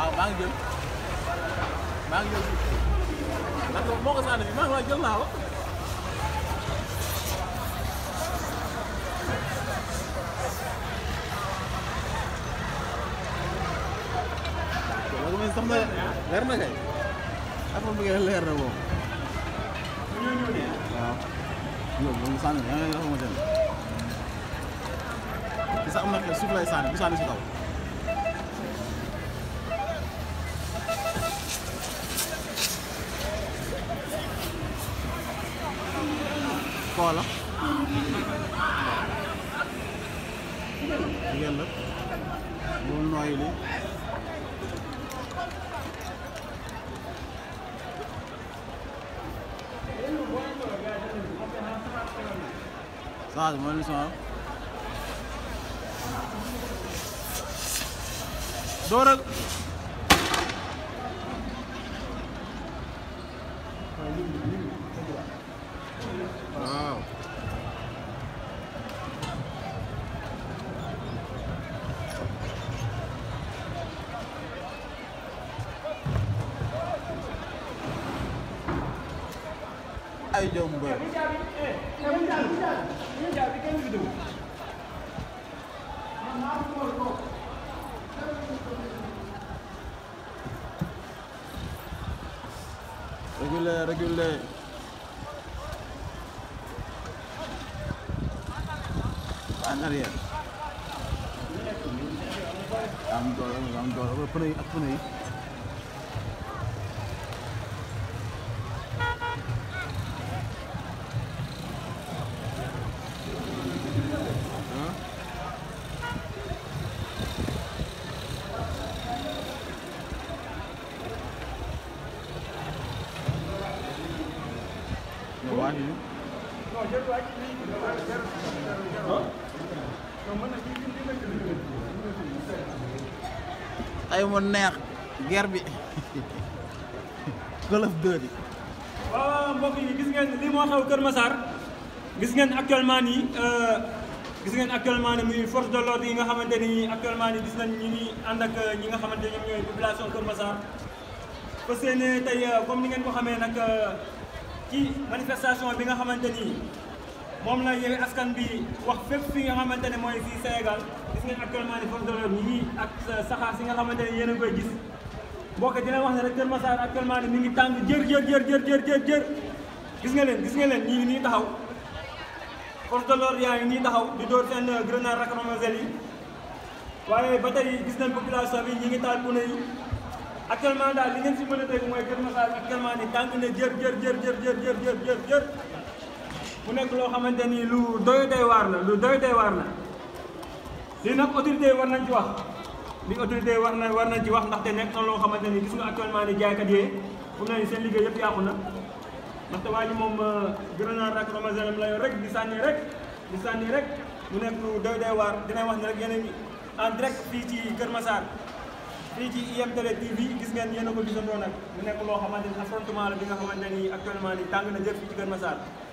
bisa, maa ngi jël maa ngi jël ndax moo ko sànni bi maa ngi waa jël naa ko mais sax bisa leer na kay bisa bi ngeen koola ngeen la moom nooy li saa moo ni sama dooral ay jom mbër régulé régulé en arrière am doole am doole pneu yi ak pneu yi ay mu neex ger bi golf 2 bi waaw mbokk yi gis ngeen lii moo xew Kër Massar gis ngeen actuellement nii euh, gis ngeen actuellement ni muy force de l'ordre yi nga xamante ni actuellement ni gis nañ ñi ni ànd ak euh, ñi nga xamante ñoom ñooy population Kër Massar parce que tey euh, comme ni ngeen ko xamee nag ci manifestation bi nga xamante ni moom la Yewwi Askan bi wax fépp fi nga xamante ne mooy fii Sénégal gis ngeen actuellement ni force ak saxaar si nga xamante ne yéen a koy gis mbokk dina wax ne rek Kër Massar actuellement ni mi ngi tàng jër jër jër jër jër jër gis nga leen gis nga leen ñi nii taxaw force de l'ordre yaa ngi nii taxaw di dóor seen euh, grenade lacrymogène yi waaye ba tey gis nañ population bi ñi ngi taal pneu yi actuellement daal li ngeen si mën a dégg mooy Kër Massar actuellement ni tàng na jër jër jër jër jër jër jër jër jër mu nekk loo xamante ni lu doy doy waar la lu doy doy waar la lii nag autorité yi war nañ ci wax li autorité yi war na war nañ ci wax ndaxte nekk na loo xamante ni gis nga actuellement ni jaaykat yee fu mu ne seen liggéey yëpp yàqu na ndaxte waa ji moom euh, grenade ak ramazanam la yor rek di sànni rek di sànni rek mu nekk lu doy doy waar dinañ wax ne rek yéen a ngi en direct fii ci Kër fii ci IMTV gis ngeen yéen a ko gisandoo nag mu nekk loo xamante ni affrontement la bi nga xamante actuellement ni tàng na jër fii ci